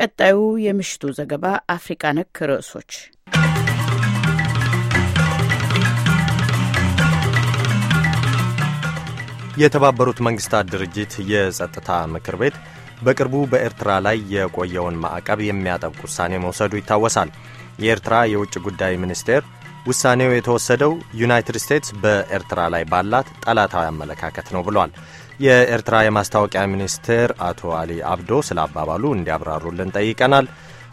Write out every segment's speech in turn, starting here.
ቀጣዩ የምሽቱ ዘገባ አፍሪቃ ነክ ርዕሶች የተባበሩት መንግስታት ድርጅት የጸጥታ ምክር ቤት በቅርቡ በኤርትራ ላይ የቆየውን ማዕቀብ የሚያጠብቅ ውሳኔ መውሰዱ ይታወሳል። የኤርትራ የውጭ ጉዳይ ሚኒስቴር ውሳኔው የተወሰደው ዩናይትድ ስቴትስ በኤርትራ ላይ ባላት ጠላታዊ አመለካከት ነው ብሏል። የኤርትራ የማስታወቂያ ሚኒስትር አቶ አሊ አብዶ ስለ አባባሉ እንዲያብራሩልን ጠይቀናል።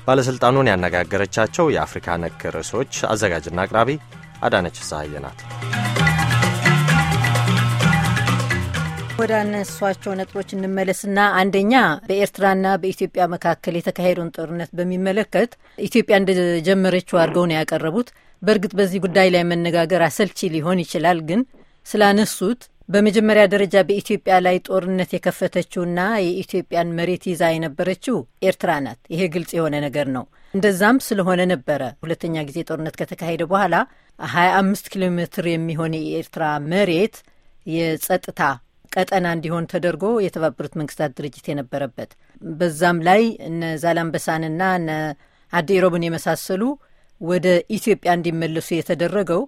ባለሥልጣኑን ያነጋገረቻቸው የአፍሪካ ነክ ርዕሶች አዘጋጅና አቅራቢ አዳነች ሳህዬ ናት። ወደ አነሷቸው ነጥቦች እንመለስና አንደኛ በኤርትራና በኢትዮጵያ መካከል የተካሄደውን ጦርነት በሚመለከት ኢትዮጵያ እንደጀመረችው አድርገው ነው ያቀረቡት። በእርግጥ በዚህ ጉዳይ ላይ መነጋገር አሰልቺ ሊሆን ይችላል፣ ግን ስላነሱት በመጀመሪያ ደረጃ በኢትዮጵያ ላይ ጦርነት የከፈተችውና የኢትዮጵያን መሬት ይዛ የነበረችው ኤርትራ ናት። ይሄ ግልጽ የሆነ ነገር ነው። እንደዛም ስለሆነ ነበረ ሁለተኛ ጊዜ ጦርነት ከተካሄደ በኋላ 25 ኪሎ ሜትር የሚሆን የኤርትራ መሬት የጸጥታ ቀጠና እንዲሆን ተደርጎ የተባበሩት መንግስታት ድርጅት የነበረበት በዛም ላይ እነ ዛላምበሳንና እነ አዲ ኢሮብን የመሳሰሉ ወደ ኢትዮጵያ እንዲመለሱ የተደረገው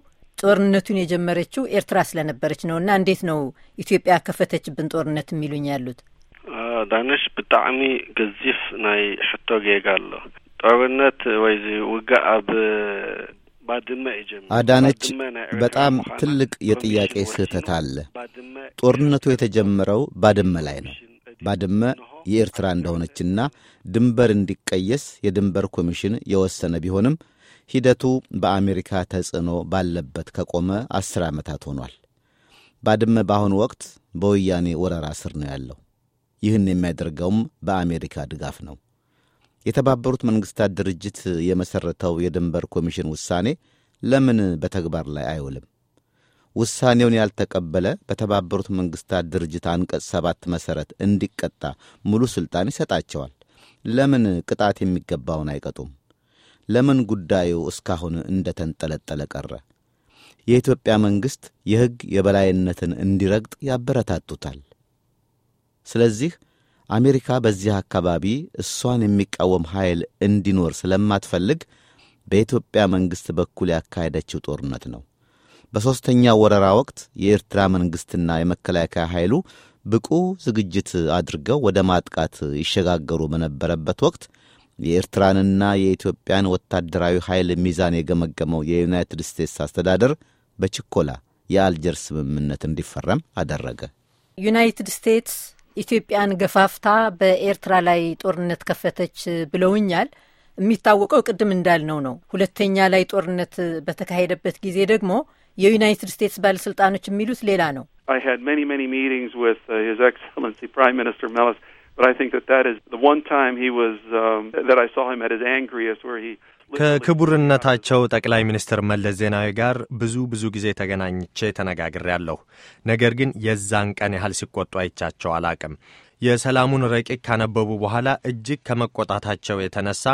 ጦርነቱን የጀመረችው ኤርትራ ስለነበረች ነው እና እንዴት ነው ኢትዮጵያ ከፈተችብን ጦርነት የሚሉኝ ያሉት ዳንሽ ብጣዕሚ ገዚፍ ናይ ሕቶ ጌጋ ኣሎ ጦርነት ወይዚ ውጋ ኣብ አዳነች፣ በጣም ትልቅ የጥያቄ ስህተት አለ። ጦርነቱ የተጀመረው ባድመ ላይ ነው። ባድመ የኤርትራ እንደሆነችና ድንበር እንዲቀየስ የድንበር ኮሚሽን የወሰነ ቢሆንም ሂደቱ በአሜሪካ ተጽዕኖ ባለበት ከቆመ አስር ዓመታት ሆኗል። ባድመ በአሁኑ ወቅት በወያኔ ወረራ ስር ነው ያለው። ይህን የሚያደርገውም በአሜሪካ ድጋፍ ነው። የተባበሩት መንግሥታት ድርጅት የመሠረተው የድንበር ኮሚሽን ውሳኔ ለምን በተግባር ላይ አይውልም? ውሳኔውን ያልተቀበለ በተባበሩት መንግሥታት ድርጅት አንቀጽ ሰባት መሠረት እንዲቀጣ ሙሉ ሥልጣን ይሰጣቸዋል። ለምን ቅጣት የሚገባውን አይቀጡም? ለምን ጉዳዩ እስካሁን እንደተንጠለጠለ ቀረ? የኢትዮጵያ መንግሥት የሕግ የበላይነትን እንዲረግጥ ያበረታቱታል። ስለዚህ አሜሪካ በዚህ አካባቢ እሷን የሚቃወም ኃይል እንዲኖር ስለማትፈልግ በኢትዮጵያ መንግሥት በኩል ያካሄደችው ጦርነት ነው። በሦስተኛው ወረራ ወቅት የኤርትራ መንግሥትና የመከላከያ ኃይሉ ብቁ ዝግጅት አድርገው ወደ ማጥቃት ይሸጋገሩ በነበረበት ወቅት የኤርትራንና የኢትዮጵያን ወታደራዊ ኃይል ሚዛን የገመገመው የዩናይትድ ስቴትስ አስተዳደር በችኮላ የአልጀር ስምምነት እንዲፈረም አደረገ። ዩናይትድ ስቴትስ ኢትዮጵያን ገፋፍታ በኤርትራ ላይ ጦርነት ከፈተች ብለውኛል። የሚታወቀው ቅድም እንዳልነው ነው። ሁለተኛ ላይ ጦርነት በተካሄደበት ጊዜ ደግሞ የዩናይትድ ስቴትስ ባለስልጣኖች የሚሉት ሌላ ነው። But I think that that is the one time he was um, that I saw him at his angriest where he ከክቡርነታቸው ጠቅላይ ሚኒስትር መለስ ዜናዊ ጋር ብዙ ብዙ ጊዜ ተገናኝቼ ተነጋግሬያለሁ። ነገር ግን የዛን ቀን ያህል ሲቆጡ አይቻቸው አላቅም። የሰላሙን ረቂቅ ካነበቡ በኋላ እጅግ ከመቆጣታቸው የተነሳ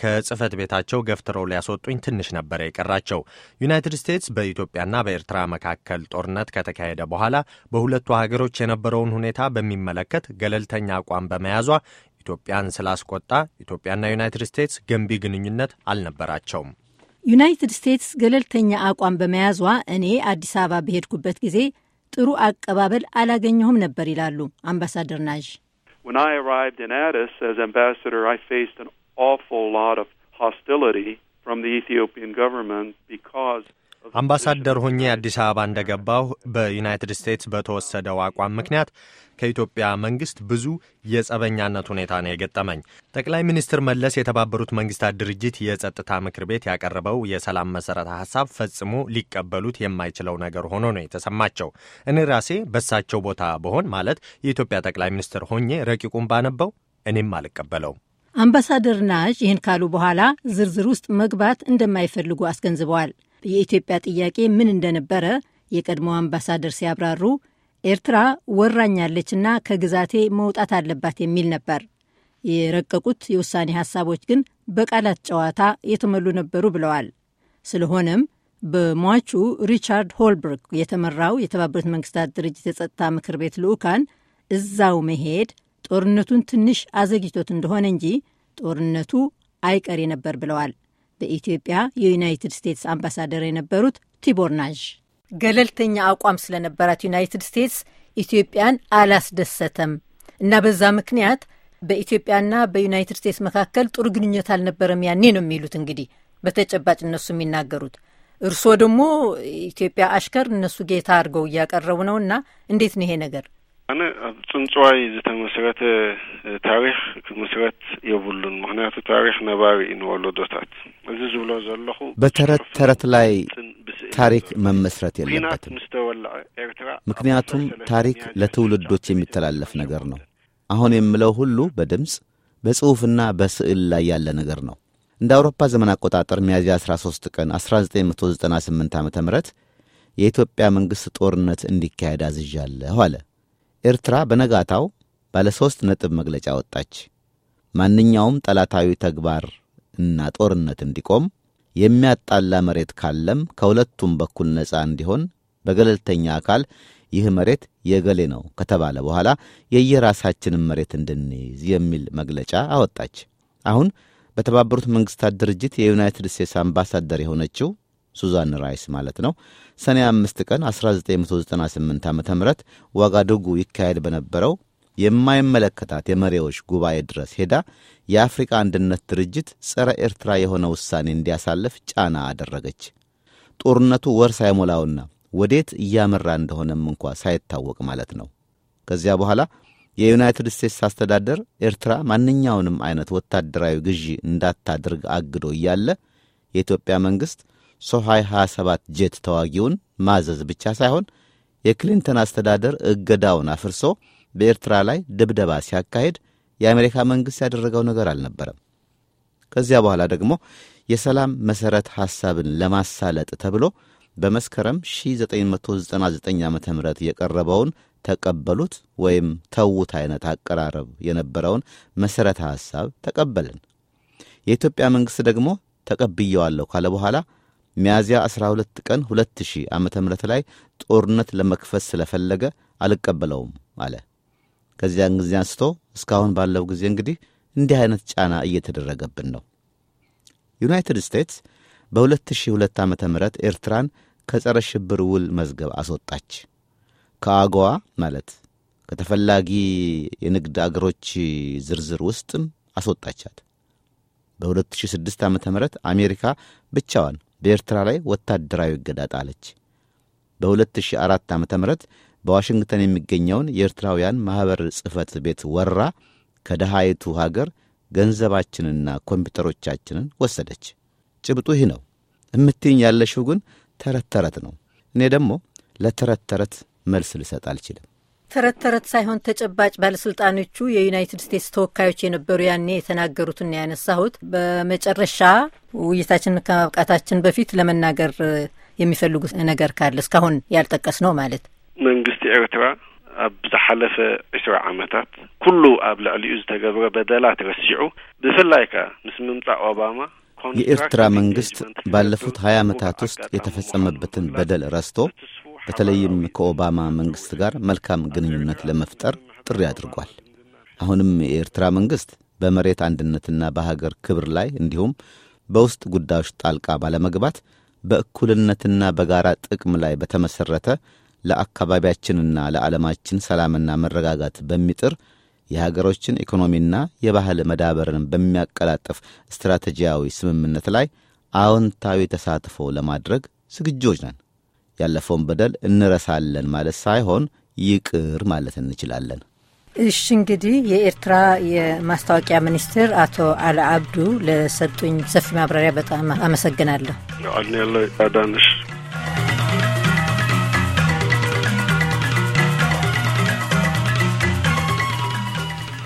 ከጽህፈት ቤታቸው ገፍትረው ሊያስወጡኝ ትንሽ ነበረ የቀራቸው። ዩናይትድ ስቴትስ በኢትዮጵያና በኤርትራ መካከል ጦርነት ከተካሄደ በኋላ በሁለቱ ሀገሮች የነበረውን ሁኔታ በሚመለከት ገለልተኛ አቋም በመያዟ ኢትዮጵያን ስላስቆጣ ኢትዮጵያና ዩናይትድ ስቴትስ ገንቢ ግንኙነት አልነበራቸውም። ዩናይትድ ስቴትስ ገለልተኛ አቋም በመያዟ እኔ አዲስ አበባ በሄድኩበት ጊዜ When I arrived in Addis as ambassador, I faced an awful lot of hostility from the Ethiopian government because አምባሳደር ሆኜ አዲስ አበባ እንደገባሁ በዩናይትድ ስቴትስ በተወሰደው አቋም ምክንያት ከኢትዮጵያ መንግስት ብዙ የጸበኛነት ሁኔታ ነው የገጠመኝ። ጠቅላይ ሚኒስትር መለስ የተባበሩት መንግስታት ድርጅት የጸጥታ ምክር ቤት ያቀረበው የሰላም መሰረተ ሀሳብ ፈጽሞ ሊቀበሉት የማይችለው ነገር ሆኖ ነው የተሰማቸው። እኔ ራሴ በሳቸው ቦታ በሆን ማለት የኢትዮጵያ ጠቅላይ ሚኒስትር ሆኜ ረቂቁን ባነበው እኔም አልቀበለው። አምባሳደር ናጅ ይህን ካሉ በኋላ ዝርዝር ውስጥ መግባት እንደማይፈልጉ አስገንዝበዋል። የኢትዮጵያ ጥያቄ ምን እንደነበረ የቀድሞ አምባሳደር ሲያብራሩ ኤርትራ ወራኛለችና ከግዛቴ መውጣት አለባት የሚል ነበር። የረቀቁት የውሳኔ ሀሳቦች ግን በቃላት ጨዋታ የተሞሉ ነበሩ ብለዋል። ስለሆነም በሟቹ ሪቻርድ ሆልብርግ የተመራው የተባበሩት መንግስታት ድርጅት የጸጥታ ምክር ቤት ልዑካን እዛው መሄድ ጦርነቱን ትንሽ አዘግይቶት እንደሆነ እንጂ ጦርነቱ አይቀሬ ነበር ብለዋል። በኢትዮጵያ የዩናይትድ ስቴትስ አምባሳደር የነበሩት ቲቦር ናዥ ገለልተኛ አቋም ስለነበራት ዩናይትድ ስቴትስ ኢትዮጵያን አላስደሰተም እና በዛ ምክንያት በኢትዮጵያና በዩናይትድ ስቴትስ መካከል ጥሩ ግንኙነት አልነበረም ያኔ ነው የሚሉት። እንግዲህ በተጨባጭ እነሱ የሚናገሩት እርስዎ ደግሞ ኢትዮጵያ አሽከር እነሱ ጌታ አድርገው እያቀረቡ ነውና እንዴት ነው ይሄ ነገር? ፅንፅዋይ ዝተመሰረተ ታሪክ ክምስረት የብሉን ምክንያቱ ታሪክ ነባሪ ንወለዶታት እዚ ዝብሎ ዘለኹ በተረት ተረት ላይ ታሪክ መመስረት የለበትም። ምክንያቱም ታሪክ ለትውልዶች የሚተላለፍ ነገር ነው። አሁን የምለው ሁሉ በድምፅ በጽሑፍና በስዕል ላይ ያለ ነገር ነው። እንደ አውሮፓ ዘመን አቆጣጠር ሚያዝያ 13 ቀን 1998 ዓ ም የኢትዮጵያ መንግሥት ጦርነት እንዲካሄድ አዝዣለሁ አለ። ኤርትራ በነጋታው ባለ ሦስት ነጥብ መግለጫ ወጣች። ማንኛውም ጠላታዊ ተግባር እና ጦርነት እንዲቆም የሚያጣላ መሬት ካለም ከሁለቱም በኩል ነፃ እንዲሆን በገለልተኛ አካል ይህ መሬት የገሌ ነው ከተባለ በኋላ የየራሳችንን መሬት እንድንይዝ የሚል መግለጫ አወጣች። አሁን በተባበሩት መንግሥታት ድርጅት የዩናይትድ ስቴትስ አምባሳደር የሆነችው ሱዛን ራይስ ማለት ነው። ሰኔ አምስት ቀን 1998 ዓ ም ዋጋዱጉ ይካሄድ በነበረው የማይመለከታት የመሪዎች ጉባኤ ድረስ ሄዳ የአፍሪቃ አንድነት ድርጅት ጸረ ኤርትራ የሆነ ውሳኔ እንዲያሳልፍ ጫና አደረገች። ጦርነቱ ወር ሳይሞላውና ወዴት እያመራ እንደሆነም እንኳ ሳይታወቅ ማለት ነው። ከዚያ በኋላ የዩናይትድ ስቴትስ አስተዳደር ኤርትራ ማንኛውንም አይነት ወታደራዊ ግዢ እንዳታድርግ አግዶ እያለ የኢትዮጵያ መንግሥት ሶሃይ 27 ጄት ተዋጊውን ማዘዝ ብቻ ሳይሆን የክሊንተን አስተዳደር እገዳውን አፍርሶ በኤርትራ ላይ ድብደባ ሲያካሄድ የአሜሪካ መንግሥት ያደረገው ነገር አልነበረም። ከዚያ በኋላ ደግሞ የሰላም መሠረት ሐሳብን ለማሳለጥ ተብሎ በመስከረም 1999 ዓ ም የቀረበውን ተቀበሉት ወይም ተዉት አይነት አቀራረብ የነበረውን መሠረተ ሐሳብ ተቀበልን። የኢትዮጵያ መንግሥት ደግሞ ተቀብየዋለሁ ካለ በኋላ ሚያዝያ 12 ቀን 2000 ዓ ም ላይ ጦርነት ለመክፈት ስለፈለገ አልቀበለውም አለ። ከዚያን ጊዜ አንስቶ እስካሁን ባለው ጊዜ እንግዲህ እንዲህ አይነት ጫና እየተደረገብን ነው። ዩናይትድ ስቴትስ በ2002 ዓ ም ኤርትራን ከጸረ ሽብር ውል መዝገብ አስወጣች። ከአጎዋ ማለት ከተፈላጊ የንግድ አገሮች ዝርዝር ውስጥም አስወጣቻት። በ2006 ዓ ም አሜሪካ ብቻዋን በኤርትራ ላይ ወታደራዊ እገዳ ጣለች። በ2004 ዓ ም በዋሽንግተን የሚገኘውን የኤርትራውያን ማኅበር ጽሕፈት ቤት ወራ ከደሃይቱ ሀገር ገንዘባችንና ኮምፒውተሮቻችንን ወሰደች። ጭብጡ ይህ ነው። እምትኝ ያለሽው ግን ተረት ተረት ነው። እኔ ደግሞ ለተረት ተረት መልስ ልሰጥ አልችልም። ተረት ተረት ሳይሆን ተጨባጭ ባለስልጣኖቹ የዩናይትድ ስቴትስ ተወካዮች የነበሩ ያኔ የተናገሩትና ያነሳሁት በመጨረሻ ውይይታችን ከማብቃታችን በፊት ለመናገር የሚፈልጉ ነገር ካለ እስካሁን ያልጠቀስ ነው ማለት መንግስቲ ኤርትራ ኣብ ዝሓለፈ ዕስራ ዓመታት ኩሉ ኣብ ልዕሊኡ ዝተገብረ በደላት ረሲዑ ብፍላይ ከ ምስ ምምፃእ ኦባማ የኤርትራ መንግስት ባለፉት ሀያ ዓመታት ውስጥ የተፈጸመበትን በደል ረስቶ በተለይም ከኦባማ መንግስት ጋር መልካም ግንኙነት ለመፍጠር ጥሪ አድርጓል። አሁንም የኤርትራ መንግስት በመሬት አንድነትና በሀገር ክብር ላይ እንዲሁም በውስጥ ጉዳዮች ጣልቃ ባለመግባት በእኩልነትና በጋራ ጥቅም ላይ በተመሠረተ ለአካባቢያችንና ለዓለማችን ሰላምና መረጋጋት በሚጥር የሀገሮችን ኢኮኖሚና የባህል መዳበርን በሚያቀላጥፍ ስትራቴጂያዊ ስምምነት ላይ አዎንታዊ ተሳትፎ ለማድረግ ዝግጆች ነን። ያለፈውን በደል እንረሳለን ማለት ሳይሆን ይቅር ማለት እንችላለን። እሺ እንግዲህ የኤርትራ የማስታወቂያ ሚኒስትር አቶ አለ አብዱ ለሰጡኝ ሰፊ ማብራሪያ በጣም አመሰግናለሁ። አዳነሽ